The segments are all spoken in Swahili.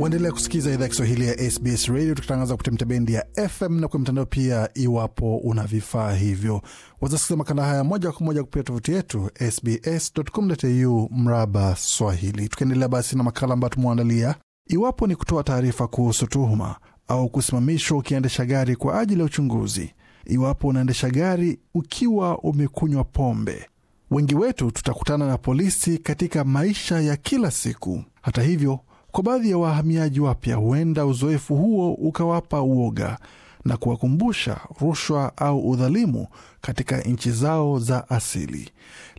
Waendelea kusikiza idhaa ya Kiswahili ya SBS Radio, tukitangaza kupitia bendi ya FM na kwenye mtandao pia, iwapo una vifaa hivyo. Wazasikiza makala haya moja kwa moja kupitia tovuti yetu sbs.com.au mraba Swahili. Tukiendelea basi na makala ambayo tumeuandalia iwapo ni kutoa taarifa kuhusu tuhuma au kusimamishwa ukiendesha gari kwa ajili ya uchunguzi, iwapo unaendesha gari ukiwa umekunywa pombe wengi wetu tutakutana na polisi katika maisha ya kila siku. Hata hivyo, kwa baadhi ya wahamiaji wapya, huenda uzoefu huo ukawapa uoga na kuwakumbusha rushwa au udhalimu katika nchi zao za asili.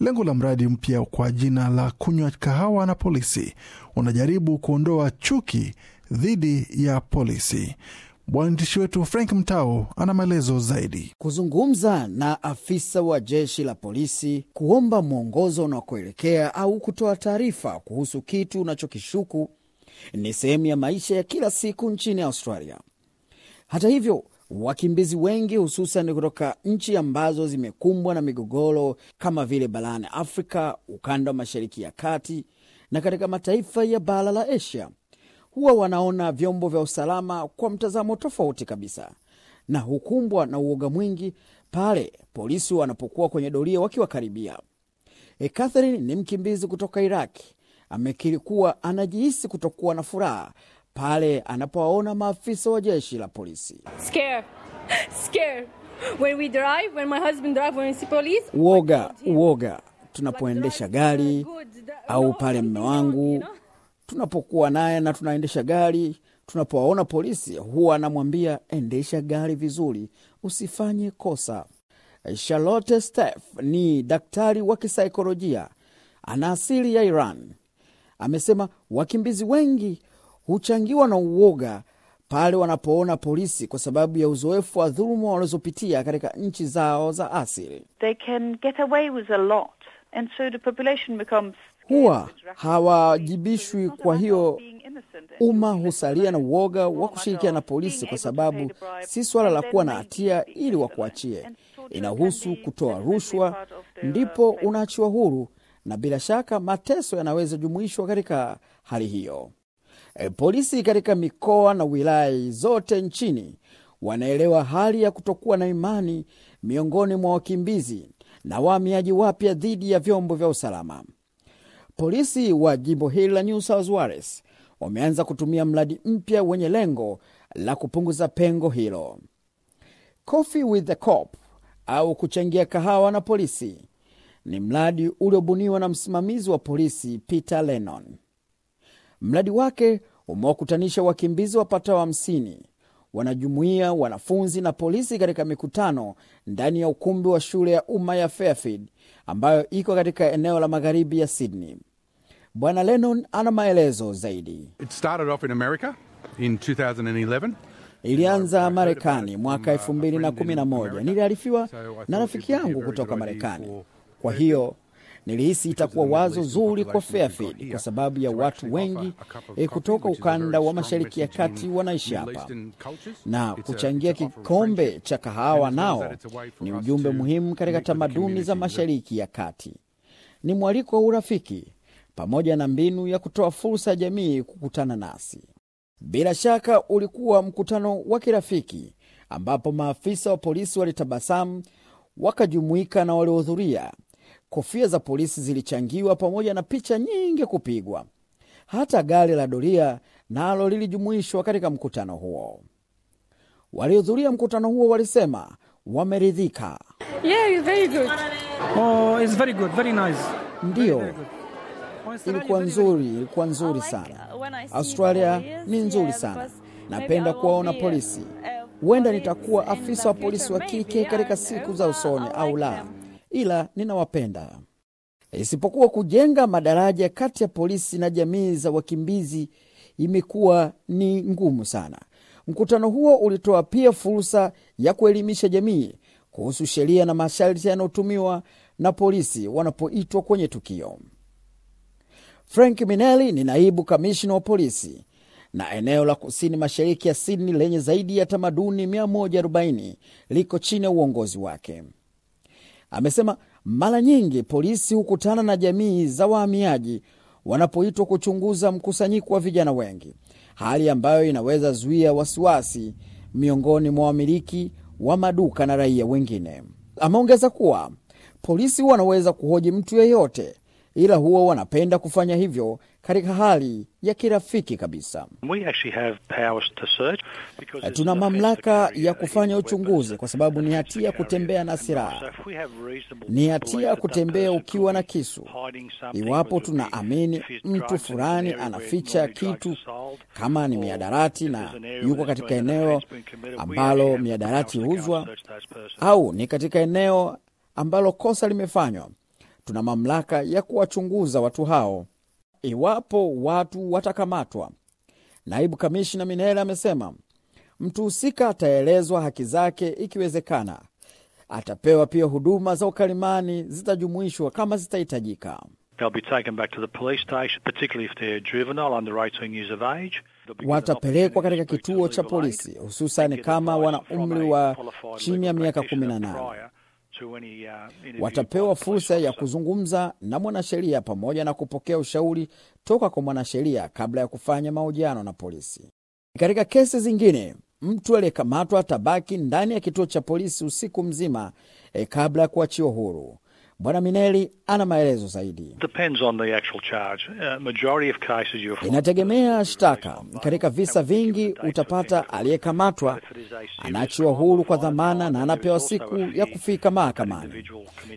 Lengo la mradi mpya kwa jina la kunywa kahawa na polisi unajaribu kuondoa chuki dhidi ya polisi. Mwandishi wetu Frank Mtao ana maelezo zaidi. Kuzungumza na afisa wa jeshi la polisi, kuomba mwongozo unaokuelekea au kutoa taarifa kuhusu kitu unachokishuku ni sehemu ya maisha ya kila siku nchini Australia. Hata hivyo, wakimbizi wengi hususan kutoka nchi ambazo zimekumbwa na migogoro kama vile barani Afrika, ukanda wa mashariki ya kati na katika mataifa ya bara la Asia huwa wanaona vyombo vya usalama kwa mtazamo tofauti kabisa na hukumbwa na uoga mwingi pale polisi wanapokuwa kwenye doria wakiwakaribia. E, Catherine ni mkimbizi kutoka Iraki amekiri kuwa anajihisi kutokuwa na furaha pale anapowaona maafisa wa jeshi la polisi. Scare. Scare. When we drive, when my husband drive, when we see police, uoga uoga tunapoendesha gari au pale mme wangu tunapokuwa naye na tunaendesha gari, tunapowaona polisi huwa anamwambia endesha gari vizuri, usifanye kosa. Charlotte Steff ni daktari wa kisaikolojia, ana asili ya Iran Amesema wakimbizi wengi huchangiwa na uoga pale wanapoona polisi kwa sababu ya uzoefu wa dhuluma walizopitia katika nchi zao za asili. Huwa hawajibishwi, kwa hiyo umma husalia na uoga wa kushirikiana na polisi, kwa sababu si suala la kuwa na hatia ili wakuachie, inahusu kutoa rushwa, ndipo unaachiwa huru na bila shaka mateso yanaweza jumuishwa katika hali hiyo. E, polisi katika mikoa na wilaya zote nchini wanaelewa hali ya kutokuwa na imani miongoni mwa wakimbizi na wahamiaji wapya dhidi ya vyombo vya usalama. Polisi wa jimbo hili la New South Wales wameanza kutumia mradi mpya wenye lengo la kupunguza pengo hilo. Coffee with the Cop au kuchangia kahawa na polisi ni mradi uliobuniwa na msimamizi wa polisi Peter Lennon. Mradi wake umewakutanisha wakimbizi wapatao hamsini wa wanajumuia, wanafunzi na polisi katika mikutano ndani ya ukumbi wa shule ya umma ya Fairfield ambayo iko katika eneo la magharibi ya Sydney. Bwana Lennon ana maelezo zaidi. It Ilianza Marekani mwaka 211 Niliarifiwa na rafiki yangu kutoka Marekani kwa hiyo nilihisi itakuwa wazo zuri kwa Fairfield kwa sababu ya watu wengi e, kutoka ukanda wa Mashariki ya Kati wanaishi hapa, na kuchangia kikombe cha kahawa nao ni ujumbe muhimu katika tamaduni za Mashariki ya Kati. Ni mwaliko wa urafiki pamoja na mbinu ya kutoa fursa ya jamii kukutana nasi. Bila shaka ulikuwa mkutano wa kirafiki ambapo maafisa wa polisi walitabasamu wakajumuika na waliohudhuria kofia za polisi zilichangiwa pamoja na picha nyingi kupigwa. Hata gari la doria nalo lilijumuishwa katika mkutano huo. Waliohudhuria mkutano huo walisema wameridhika. Yeah, Oh, nice. Ndiyo, oh, Ilikuwa nzuri, ilikuwa nzuri like sana. Uh, Australia ni nzuri sana. Napenda kuwaona uh, polisi. Uh, Huenda nitakuwa afisa wa polisi wa kike katika siku za usoni au la ila ninawapenda. Isipokuwa kujenga madaraja kati ya polisi na jamii za wakimbizi imekuwa ni ngumu sana. Mkutano huo ulitoa pia fursa ya kuelimisha jamii kuhusu sheria na masharti yanayotumiwa na polisi wanapoitwa kwenye tukio. Frank mineli ni naibu kamishna wa polisi na eneo la kusini mashariki ya Sydney lenye zaidi ya tamaduni 140 liko chini ya uongozi wake. Amesema mara nyingi polisi hukutana na jamii za wahamiaji wanapoitwa kuchunguza mkusanyiko wa vijana wengi, hali ambayo inaweza zuia wasiwasi miongoni mwa wamiliki wa maduka na raia wengine. Ameongeza kuwa polisi wanaweza kuhoji mtu yeyote ila huwa wanapenda kufanya hivyo katika hali ya kirafiki kabisa. Tuna mamlaka ya kufanya uchunguzi, kwa sababu ni hatia kutembea na silaha, ni hatia kutembea ukiwa na kisu. Iwapo tunaamini mtu fulani anaficha kitu, kama ni miadarati na yuko katika eneo ambalo miadarati huuzwa, au ni katika eneo ambalo kosa limefanywa tuna mamlaka ya kuwachunguza watu hao iwapo watu watakamatwa. Naibu kamishna Minele amesema mtu husika ataelezwa haki zake, ikiwezekana atapewa pia huduma za ukalimani zitajumuishwa kama zitahitajika. Watapelekwa katika kituo cha polisi, hususani kama wana umri wa chini ya miaka kumi na nane any, uh, watapewa fursa ya kuzungumza na mwanasheria pamoja na kupokea ushauri toka kwa mwanasheria kabla ya kufanya mahojiano na polisi. Katika kesi zingine, mtu aliyekamatwa atabaki ndani ya kituo cha polisi usiku mzima eh, kabla ya kuachiwa huru. Bwana Mineli ana maelezo zaidi. Uh, inategemea shtaka. Katika visa vingi utapata aliyekamatwa anaachiwa huru kwa dhamana na anapewa siku ya kufika mahakamani,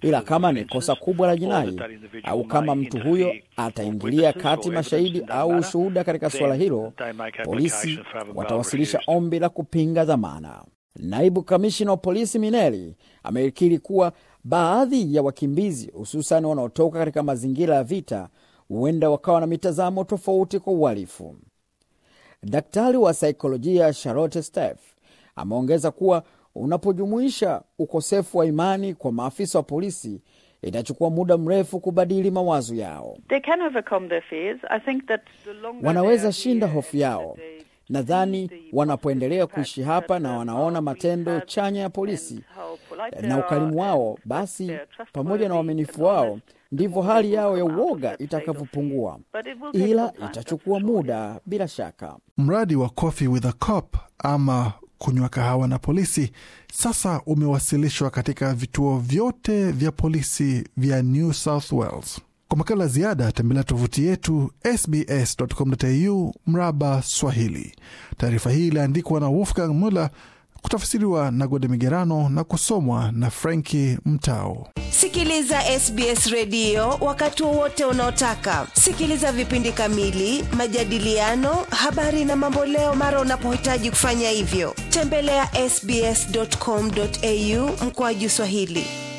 ila kama ni kosa kubwa la jinai au kama mtu huyo ataingilia kati mashahidi au ushuhuda katika suala hilo, polisi watawasilisha ombi la kupinga dhamana. Naibu kamishina wa polisi Mineli amekiri kuwa Baadhi ya wakimbizi hususani wanaotoka katika mazingira ya vita huenda wakawa na mitazamo tofauti kwa uhalifu. Daktari wa saikolojia Charlotte stef ameongeza kuwa unapojumuisha ukosefu wa imani kwa maafisa wa polisi inachukua muda mrefu kubadili mawazo yao. Wanaweza shinda hofu yao. Nadhani wanapoendelea kuishi hapa na wanaona matendo chanya ya polisi na ukarimu wao, basi pamoja na uaminifu wao, ndivyo hali yao ya uoga itakavyopungua, ila itachukua muda bila shaka. Mradi wa Coffee with a Cop ama kunywa kahawa na polisi sasa umewasilishwa katika vituo vyote vya polisi vya New South Wales. Kwa makala ya ziada tembelea tovuti yetu sbs.com.au mraba Swahili. Taarifa hii iliandikwa na Wolfgang Muller, kutafsiriwa na Gode Migerano na kusomwa na Franki Mtao. Sikiliza SBS redio wakati wowote unaotaka. Sikiliza vipindi kamili, majadiliano, habari na mamboleo mara unapohitaji kufanya hivyo. Tembelea ya sbs.com.au mkoaji Swahili.